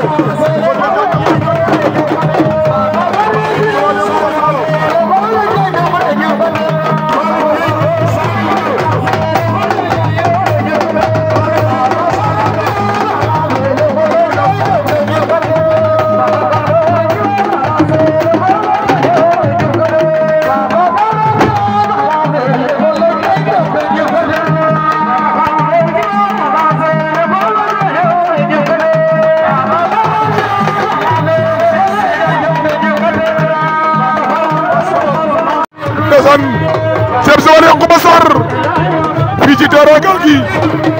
Oh, ndeysaan Cheikh Joal Yankuba Sarr fii ci Daara Gaal gi